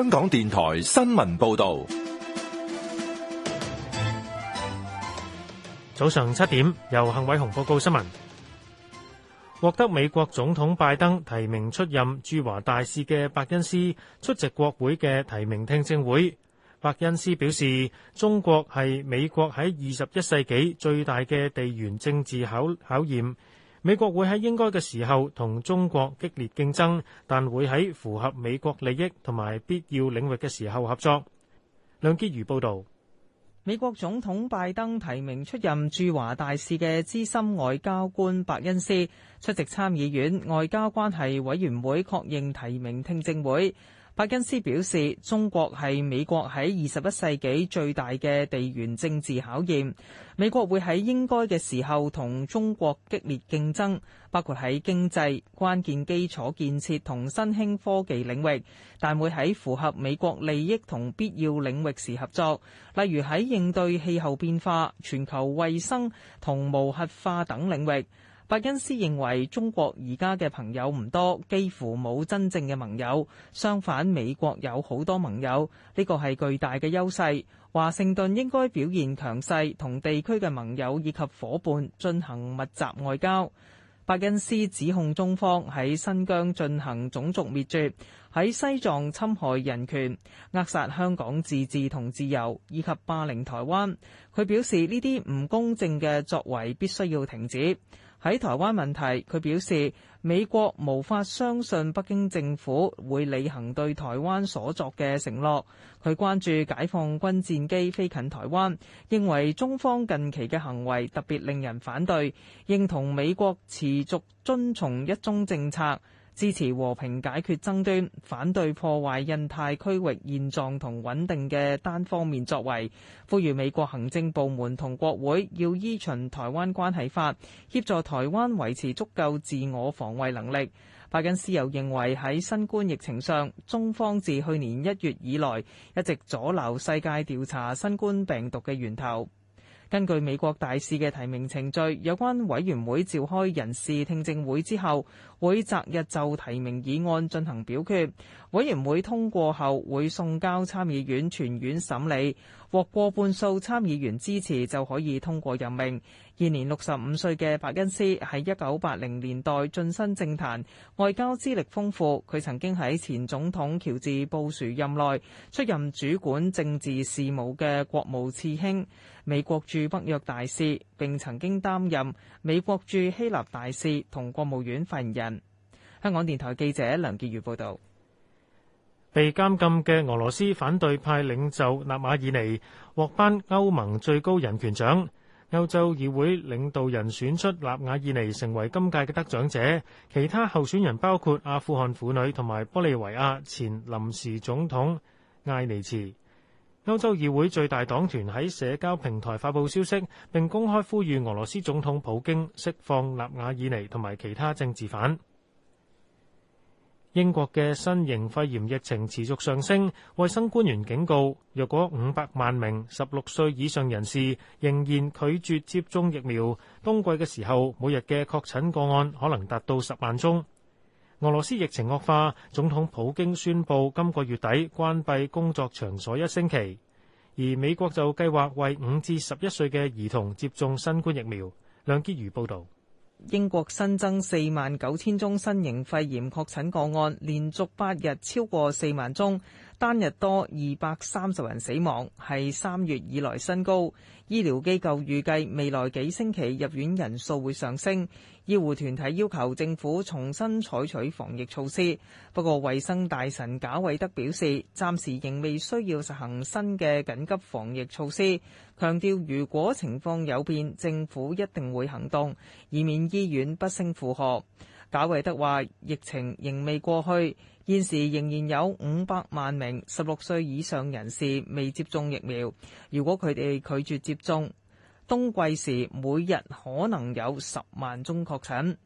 香港電台新聞報道，早上七點由幸偉雄報告新聞。獲得美國總統拜登提名出任駐華大使嘅伯恩斯出席國會嘅提名聽證會。伯恩斯表示，中國係美國喺二十一世紀最大嘅地緣政治考考驗。美國會喺應該嘅時候同中國激烈競爭，但會喺符合美國利益同埋必要領域嘅時候合作。梁潔如報導，美國總統拜登提名出任駐華大使嘅資深外交官白恩斯出席參議院外交關係委員會確認提名聽證會。柏根斯表示，中國係美國喺二十一世紀最大嘅地緣政治考驗，美國會喺應該嘅時候同中國激烈競爭，包括喺經濟、關鍵基礎建設同新興科技領域，但會喺符合美國利益同必要領域時合作，例如喺應對氣候變化、全球衛生同無核化等領域。伯恩斯認為中國而家嘅朋友唔多，幾乎冇真正嘅盟友。相反，美國有好多盟友，呢個係巨大嘅優勢。華盛頓應該表現強勢，同地區嘅盟友以及伙伴進行密集外交。伯恩斯指控中方喺新疆進行種族滅絕，喺西藏侵害人權，扼殺香港自治同自由，以及霸凌台灣。佢表示呢啲唔公正嘅作為必須要停止。喺台灣問題，佢表示美國無法相信北京政府會履行對台灣所作嘅承諾。佢關注解放軍戰機飛近台灣，認為中方近期嘅行為特別令人反對，認同美國持續遵從一中政策，支持和平解決爭端，反對破壞印太區域現狀同穩定嘅單方面作為。呼籲美國行政部門同國會要依循《台灣關係法》，協助台灣維持足夠自我防衛能力。拜根斯又認為喺新冠疫情上，中方自去年一月以來一直阻撓世界調查新冠病毒嘅源頭。根據美國大使嘅提名程序，有關委員會召開人事聽證會之後，會擇日就提名議案進行表決，委員會通過後會送交參議院全院審理，獲過半數參議員支持就可以通過任命。現年六十五歲嘅白恩斯喺一九八零年代晉身政壇，外交資歷豐富。佢曾經喺前總統喬治布殊任內出任主管政治事務嘅國務次卿、美國駐北約大使，並曾經擔任美國駐希臘大使同國務院發言人。香港電台記者梁潔如報道，被監禁嘅俄羅斯反對派領袖納瓦爾尼獲頒歐盟最高人權獎。歐洲議會領導人選出納瓦爾尼成為今屆嘅得獎者，其他候選人包括阿富汗婦女同埋玻利維亞前臨時總統艾尼茨。歐洲議會最大黨團喺社交平台發佈消息，並公開呼籲俄羅斯總統普京釋放納瓦爾尼同埋其他政治犯。英國嘅新型肺炎疫情持續上升，衛生官員警告，若果五百萬名十六歲以上人士仍然拒絕接種疫苗，冬季嘅時候每日嘅確診個案可能達到十萬宗。俄羅斯疫情惡化，總統普京宣布今個月底關閉工作場所一星期，而美國就計劃為五至十一歲嘅兒童接種新冠疫苗。梁潔如報導。英國新增四萬九千宗新型肺炎確診個案，連續八日超過四萬宗。單日多二百三十人死亡，係三月以來新高。醫療機構預計未來幾星期入院人數會上升。醫護團體要求政府重新採取防疫措施。不過，衛生大臣賈偉德表示，暫時仍未需要實行新嘅緊急防疫措施，強調如果情況有變，政府一定會行動，以免醫院不勝負荷。賈偉德話：疫情仍未過去。現時仍然有五百萬名十六歲以上人士未接種疫苗，如果佢哋拒絕接種，冬季時每日可能有十萬宗確診，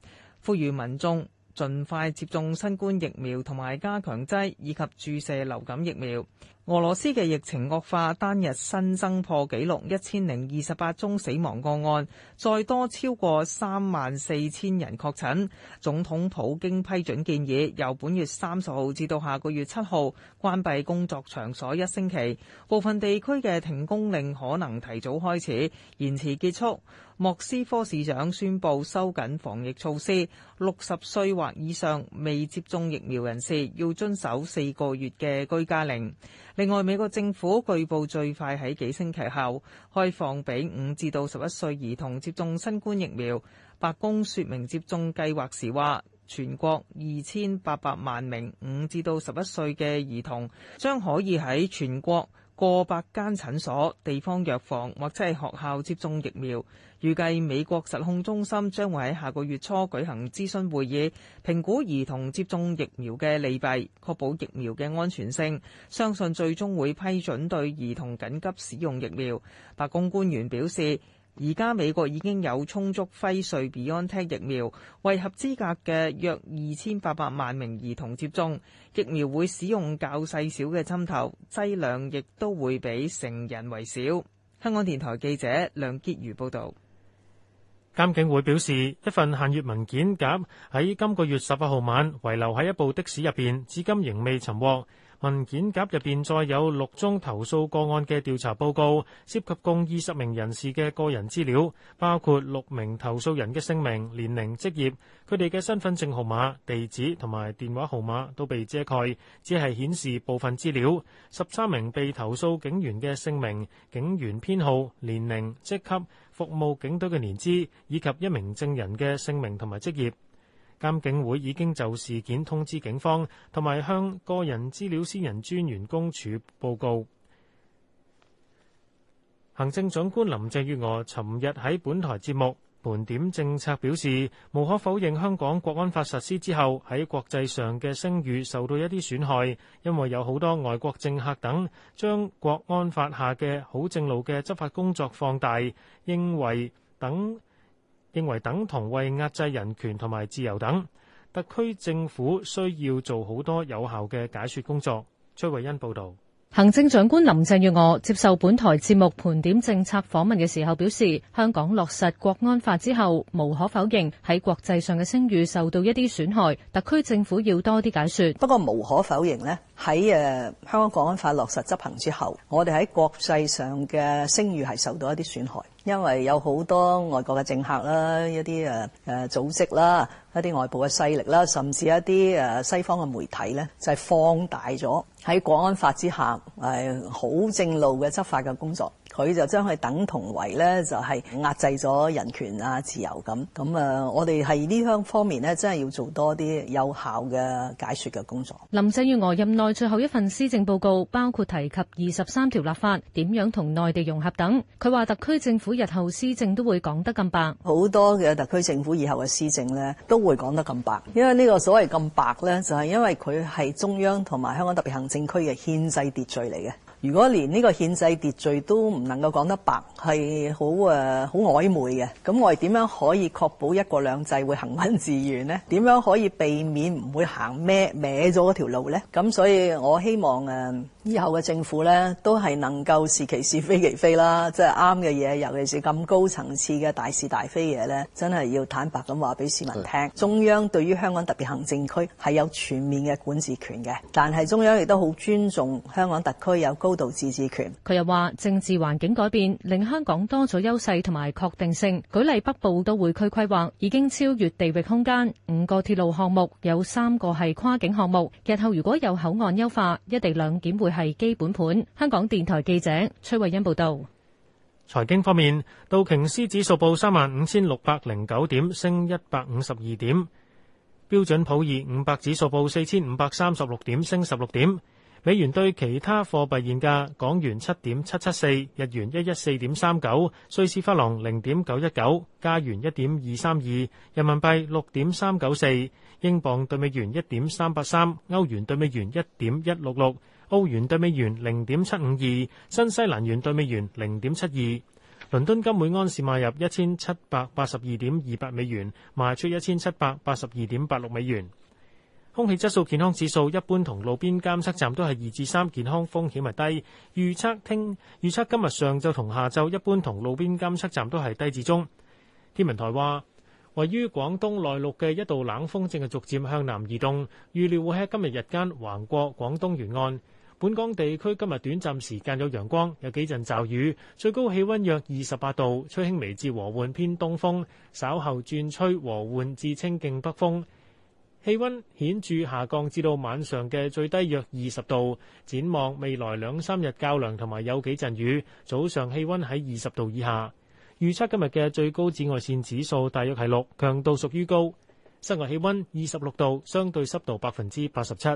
呼籲民眾盡快接種新冠疫苗同埋加強劑，以及注射流感疫苗。俄羅斯嘅疫情惡化，單日新增破紀錄一千零二十八宗死亡個案，再多超過三萬四千人確診。總統普京批准建議，由本月三十號至到下個月七號關閉工作場所一星期，部分地區嘅停工令可能提早開始，延遲結束。莫斯科市長宣布收緊防疫措施，六十歲或以上未接種疫苗人士要遵守四個月嘅居家令。另外，美國政府據報最快喺幾星期後開放畀五至到十一歲兒童接種新冠疫苗。白宮說明接種計劃時話，全國二千八百萬名五至到十一歲嘅兒童將可以喺全國過百間診所、地方藥房或者係學校接種疫苗。預計美國疾控中心將會喺下個月初舉行諮詢會議，評估兒童接種疫苗嘅利弊，確保疫苗嘅安全性。相信最終會批准對兒童緊急使用疫苗。白宮官員表示。而家美國已經有充足輝瑞 BioNTech 疫苗，為合資格嘅約二千八百萬名兒童接種。疫苗會使用較細小嘅針頭，劑量亦都會比成人為少。香港電台記者梁潔如報導。監警會表示，一份限月文件夾喺今個月十八號晚遺留喺一部的士入邊，至今仍未尋獲。文件夾入邊載有六宗投訴個案嘅調查報告，涉及共二十名人士嘅個人資料，包括六名投訴人嘅姓名、年齡、職業，佢哋嘅身份證號碼、地址同埋電話號碼都被遮蓋，只係顯示部分資料。十三名被投訴警員嘅姓名、警員編號、年齡、職級、服務警隊嘅年資，以及一名證人嘅姓名同埋職業。監警會已經就事件通知警方，同埋向個人資料私隱專員公署報告。行政長官林鄭月娥尋日喺本台節目盤點政策，表示無可否認香港國安法實施之後喺國際上嘅聲譽受到一啲損害，因為有好多外國政客等將國安法下嘅好正路嘅執法工作放大，認為等認為等同為壓制人權同埋自由等，特區政府需要做好多有效嘅解說工作。崔慧欣報道，行政長官林鄭月娥接受本台節目盤點政策訪問嘅時候表示，香港落實國安法之後，無可否認喺國際上嘅聲譽受到一啲損害，特區政府要多啲解說。不過無可否認呢，喺誒香港國安法落實執行之後，我哋喺國際上嘅聲譽係受到一啲損害。因為有好多外國嘅政客啦，一啲誒誒組織啦，一啲外部嘅勢力啦，甚至一啲誒西方嘅媒體咧，就係、是、放大咗喺《港安法》之下誒好正路嘅執法嘅工作。佢就將佢等同為咧，就係、是、壓制咗人權啊、自由咁。咁啊，嗯、我哋係呢方面呢，真係要做多啲有效嘅解説嘅工作。林鄭月娥任內最後一份施政報告，包括提及二十三條立法點樣同內地融合等。佢話特區政府日後施政都會講得咁白。好多嘅特區政府以後嘅施政呢，都會講得咁白。因為呢個所謂咁白呢，就係、是、因為佢係中央同埋香港特別行政區嘅憲制秩序嚟嘅。如果連呢個憲制秩序都唔能夠講得白，係好誒好曖昧嘅，咁我哋點樣可以確保一國兩制會行穩致遠呢？點樣可以避免唔會行咩歪咗嗰條路呢？咁所以我希望誒。呃以後嘅政府咧，都係能夠是其是非其非啦，即係啱嘅嘢，尤其是咁高層次嘅大是大非嘢咧，真係要坦白咁話俾市民聽，中央對於香港特別行政區係有全面嘅管治權嘅，但係中央亦都好尊重香港特區有高度自治權，佢又話政治環境改變令香港多咗優勢同埋確定性。舉例北部都會區規劃已經超越地域空間，五個鐵路項目有三個係跨境項目。日後如果有口岸優化，一地兩檢會。係基本盤。香港電台記者崔慧欣報道。財經方面，道瓊斯指數報三萬五千六百零九點，升一百五十二點。標準普爾五百指數報四千五百三十六點，升十六點。美元兌其他貨幣現價：港元七點七七四，日元一一四點三九，瑞士法郎零點九一九，加元一點二三二，人民幣六點三九四，英鎊對美元一點三八三，歐元對美元一點一六六，澳元對美元零點七五二，新西蘭元對美元零點七二。倫敦金每安士買入一千七百八十二點二百美元，賣出一千七百八十二點八六美元。空氣質素健康指數一般同路邊監測站都係二至三，3，健康風險係低。預測聽預測今日上晝同下晝一般同路邊監測站都係低至中。天文台話，位於廣東內陸嘅一道冷鋒正係逐漸向南移動，預料會喺今日日間橫過廣東沿岸。本港地區今日短暫時間有陽光，有幾陣驟雨，最高氣温約二十八度，吹輕微至和緩偏東風，稍後轉吹和緩至清勁北風。氣溫顯著下降，至到晚上嘅最低約二十度。展望未來兩三日較涼，同埋有幾陣雨。早上氣溫喺二十度以下。預測今日嘅最高紫外線指數大約係六，強度屬於高。室外氣溫二十六度，相對濕度百分之八十七。